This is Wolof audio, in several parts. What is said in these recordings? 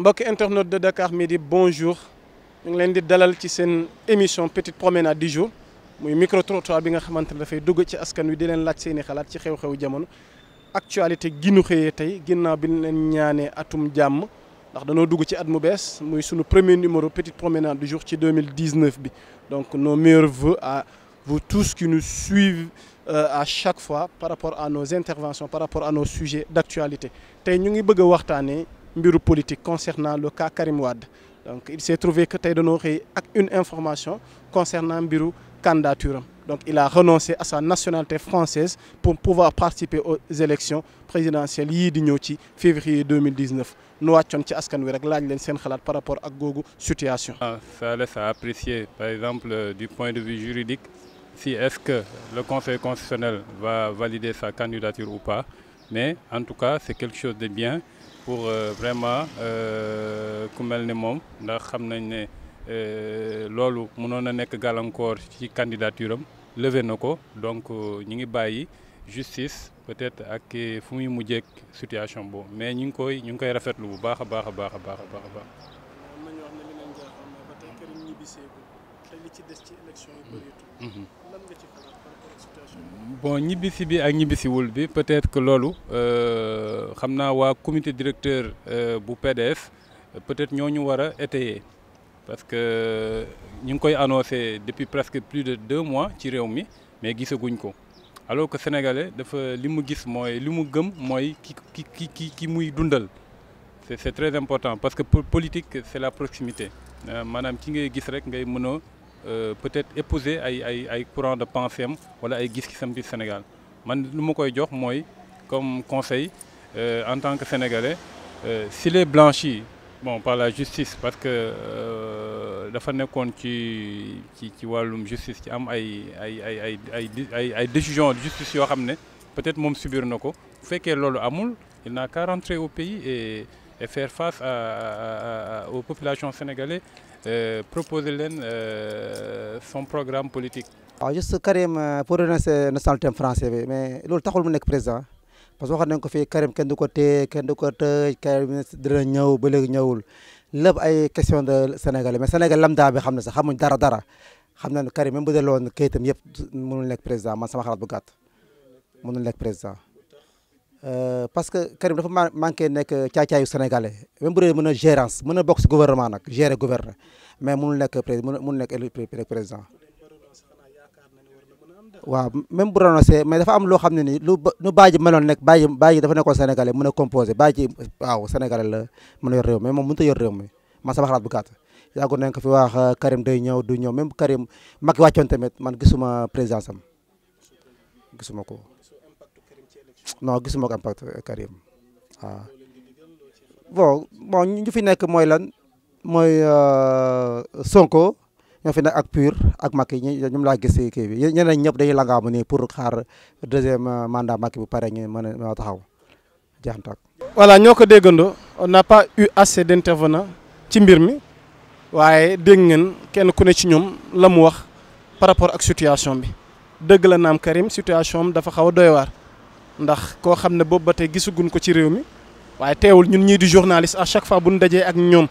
mbokki internaute de Dakar Midi bonjour ñu ngi leen di dalal ci seen émission petite promenade du jour muy micro trottoir bi nga xamante ne dafay dugg ci askan wi di leen laaj seeni xalaat ci xew xew jamono actualité gi nu tey ginnaaw bi ñu leen ñaanee atum jàmm ndax danoo dugg ci at mu bees muy sunu premier numéro petite promenade du jour ci 2019 bi donc nos meilleurs vœux à vous tous qui nous suivez euh, à chaque fois par rapport à nos interventions par rapport à nos sujets d'actualité tey ñu ngi bëgga a waxtaanee mbiru politique concernant le cas Karim Wade donc il s'est trouvé que tey dañoo xëy ak une information concernant mbiru candidature am donc il a renoncé à sa nationalité française pour pouvoir participer aux élections présidentielles yii di ñëw ci février 2019 nu wàccoon ci askan wi rek laaj leen seen xalaat par rapport ak googu situation. Ah, ça laisse à exemple euh, du point de vue juridique. si est-ce que le Conseil constitutionnel va valider sa candidature ou pas, mais en tout cas c'est quelque chose de bien pour euh, vraiment euh, ku mel ni moom ndax xam nañ ne euh, loolu mënoon na nekk gàllankoor ci candidature am levé na ko donc ñi ngi bàyyi justice peut-être ak fu muy mujjeek situation boobu mais ñu ngi koy ñu ngi koy rafetlu bu baax a baax a baax a baax a baax baax. bon ñibbisi bi ak ñibbisiwul bi peut-être que loolu euh, xam naa waa comité directeur euh, bu PDS peut-être ñoo ñu war a étayer parce que euh, ñu ngi koy annoncé depuis presque plus de deux mois ci réew mi mais gisaguñ ko alors que sénégalais dafa li mu gis mooy li mu gëm mooy ki ki ki ki ki muy dundal c'est c'est très important parce que pour politique c'est la proximité maanaam ci ngay gis rek ngay mën Euh, peut-être épouser ay ay ay courant de pensée am wala ay gis-gisam biir Sénégal man lu ma koy jox mooy comme conseil euh, en tant que sénégalais euh, si les blanchi bon par la justice parce que dafa nekkoon ci ci ci wàllum justice ci am ay ay ay ay ay ay ay décision de justice yoo xam ne peut-être moom subir na ko bu fekkee loolu amul il n'a qu'à rentrer au pays et faire face à, à, à, aux populations sénégalaises euh, proposer leen euh, son programme politique. waaw juste Karim euh, pour renoncer national thème français bi mais loolu taxul mu nekk président parce que waxoon nañ ko fii Karim kenn du ko téye kenn du ko tëj Karim dina ñëw ba léegi ñëwul lépp ay question de Sénégal mais Sénégal lambda bi xam na sax xamuñ dara dara xam nañ Karim même bu delloo woon kayitam yëpp mënul nekk président man sama xalaat bu gàtt mënul nekk président. Euh, parce que Karim dafa ma manqué nekk caacaayu sénégalais même bu dee mën a gérance mën a bokk si gouvernement nag gérer gouverner mais mënul nekk pré mënul nekk élu président. waaw même bu renoncé mais dafa am loo xam ne nii lu ba lu Badji meloon nekk Badji Badji dafa nekko sénégalais mën a composé Badji waaw sénégalais la mën a yor réew mi mais moom mënut a yor réew mi man sama xalaat bu gàtt. yàggoon nañ ko fi wax euh, Karim day ñëw du ñëw même Karim Macky wàccoon tamit man gisuma présidence am ko. non gisuma ko impact euh, Karim waaw ah. bon bon ñu fi nekk mooy lan mooy euh, Sonko ñoo fi nekk ak PUR ak Macky ñoom laa gis kii bi ñeneen ñëpp dañu langaamu nii pour xaar deuxième euh, mandat Macky bu pare ñu mën a taxaw jeex na voilà ñoo ko déggandoo on n'a pas eu assez d'intervenants ci mbir mi waaye dégg ngeen kenn ku ne ci ñoom la mu wax par rapport ak situation bi dëgg la naam Karim situation am dafa xaw a doy waar. ndax koo xam ne boobu ba tey gisaguñ ko ci réew mi waaye teewul ñun ñii di journaliste à chaque fois bu ñu dajee ak ñoom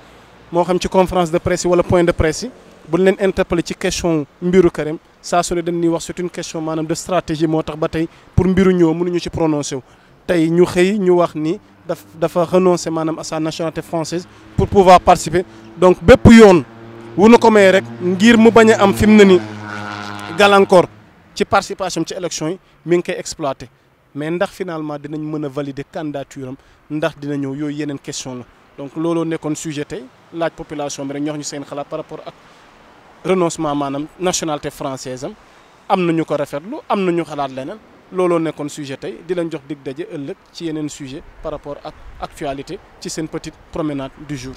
moo xam ci conférence de presse yi wala point de presse yi bu ñu leen ci question mbiru Karim saa su ne dañuy wax c'est une question maanaam de stratégie moo tax ba tey pour mbiru ñëw mënuñu ci prononcé wu. tey ñu xëy ñu wax ni daf dafa renoncé maanaam à sa nationalité française pour pouvoir participer donc bépp yoon wu nu ko may rek ngir mu bañ a am fi mu ne ni gàllankoor ci participation ci élection yi mi ngi koy exploité. mais ndax finalement dinañ mën a valider candidature am ndax dina ñëw yooyu yeneen question la donc looloo nekkoon sujet tey laaj population bi rek ñox ñu seen xalaat par rapport ak renoncement maanaam nationalité française am am nañu ko rafetlu am na ñu xalaat leneen looloo nekkoon sujet tey di lañ jox dig daje ëllëg ci yeneen sujet par rapport ak actualité ci seen petite promenade du jour